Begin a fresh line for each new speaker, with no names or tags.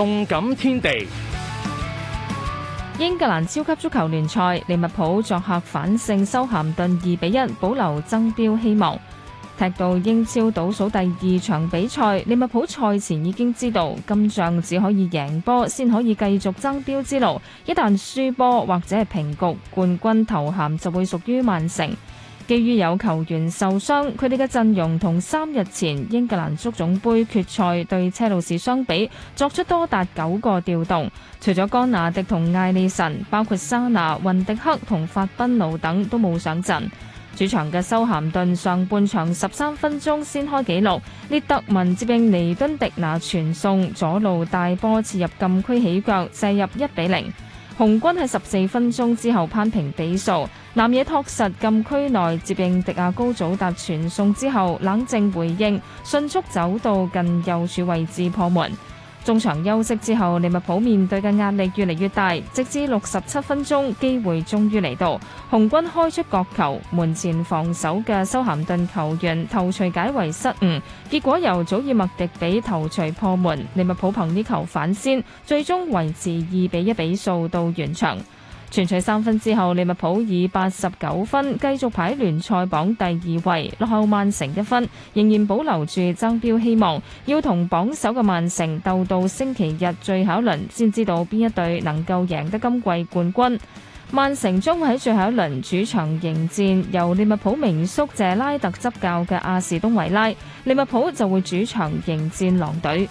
動感天地，英格蘭超級足球聯賽，利物浦作客反勝修咸頓二比一，保留爭標希望。踢到英超倒數第二場比賽，利物浦賽前已經知道今仗只可以贏波，先可以繼續爭標之路。一旦輸波或者係平局，冠軍頭銜就會屬於曼城。基於有球員受傷，佢哋嘅陣容同三日前英格蘭足總杯決賽對車路士相比，作出多達九個調動。除咗江拿迪同艾利臣，包括沙拿、雲迪克同法賓奴等都冇上陣。主場嘅修咸頓上半場十三分鐘先開紀錄，列德文接應尼敦迪拿傳送左路大波切入禁區起腳射入一比零。紅軍喺十四分鐘之後扳平比數。南野拓實禁區內接應迪亞高祖達傳送之後，冷靜回應，迅速走到近右柱位置破門。中場休息之後，利物浦面對嘅壓力越嚟越大，直至六十七分鐘，機會終於嚟到，紅軍開出角球，門前防守嘅修咸頓球員頭錘解圍失誤，結果由祖爾麥迪比頭錘破門，利物浦憑呢球反先，最終維持二比一比數到完場。全取三分之後，利物浦以八十九分繼續排聯賽榜第二位，落後曼城一分，仍然保留住爭標希望。要同榜首嘅曼城鬥到星期日最後一輪，先知道邊一隊能夠贏得今季冠軍。曼城將會喺最後一輪主場迎戰由利物浦名宿謝拉特執教嘅阿士東維拉，利物浦就會主場迎戰狼隊。